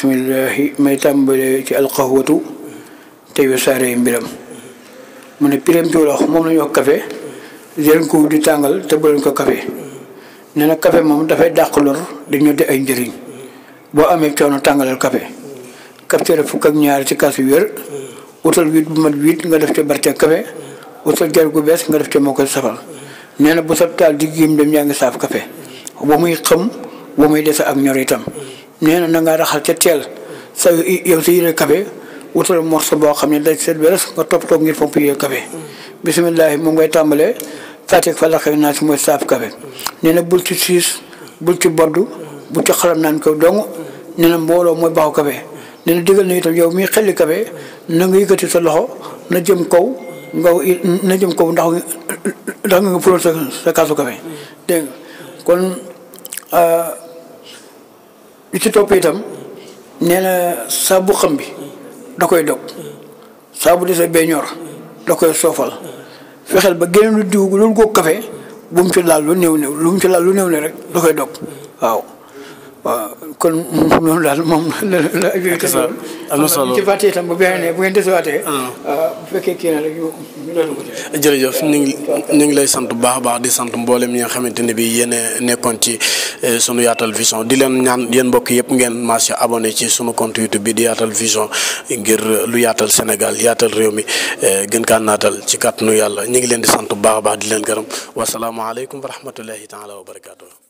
bismillaahi may tàmbalee ci alqahwatu te yu saaree mbiram mu ne pireem ci wolof moom la ñu wax kafe leen ko di tàngal te bu leen ko kafe nee na kafe moom dafay dàq lor di ñoddi ay njëriñ boo amee coono tàngalal kafe kapteere fukk ak ñaar ci kaas yu wér utal wiit bu mat wiit nga def ca barteeg kafe utal jar gu bees nga def ca moo koy safal nee na bu sab taal di giim dem yaa ngi saaf kafe ba muy xam ba muy dese ak ñor itam nee na na nga raxal ca teel sa yow sa yére kafe wutal morso boo xam ne day seet bi res nga toppatoo ngir pomp yére kafe bisimilah moom ngay tàmbalee Fatick fa la xëy naa si mooy saaf kafe nee bul ci siis bul ci boddu bul ci xalam naan ko dong nee na mbooloo mooy baaxu kafe nee na digal na itam yow miy xelli kafe na nga yëkkati sa loxo na jëm kaw nga na jëm kaw ndax ndax nga nga sa sa kaasu kafe dégg kon. Euh, lu ci topp itam nee na saabu xam bi da koy dog saabu di sa beñoor da koy soofal fexeel ba génn lu diw gu loolu ko kafe bu mu ci laal lu néew néew lu mu ci laal lu néew ne rek da koy dog waaw kon loolu daal moom la la na solo ci fàtte itam bu bu ngeen desewaatee. Ah. Ah, bu jërëjëf ñu ngi ñu ngi lay sant bu baax a baax di sant mboolem ñi nga xamante ne bii yéen nekkoon ci eh, sunu Yaatal Vision di leen ñaan yéen mbokk yëpp ngeen marché abonné ci sunu compte YouTube bi di Yaatal Vision ngir lu yaatal Sénégal yaatal réew mi eh, gën kaa naatal ci nu yàlla ñu ngi leen di sant bu baax a baax di leen gërëm wasalaamaaleykum wa rahmatullahi taala wa barakaatu.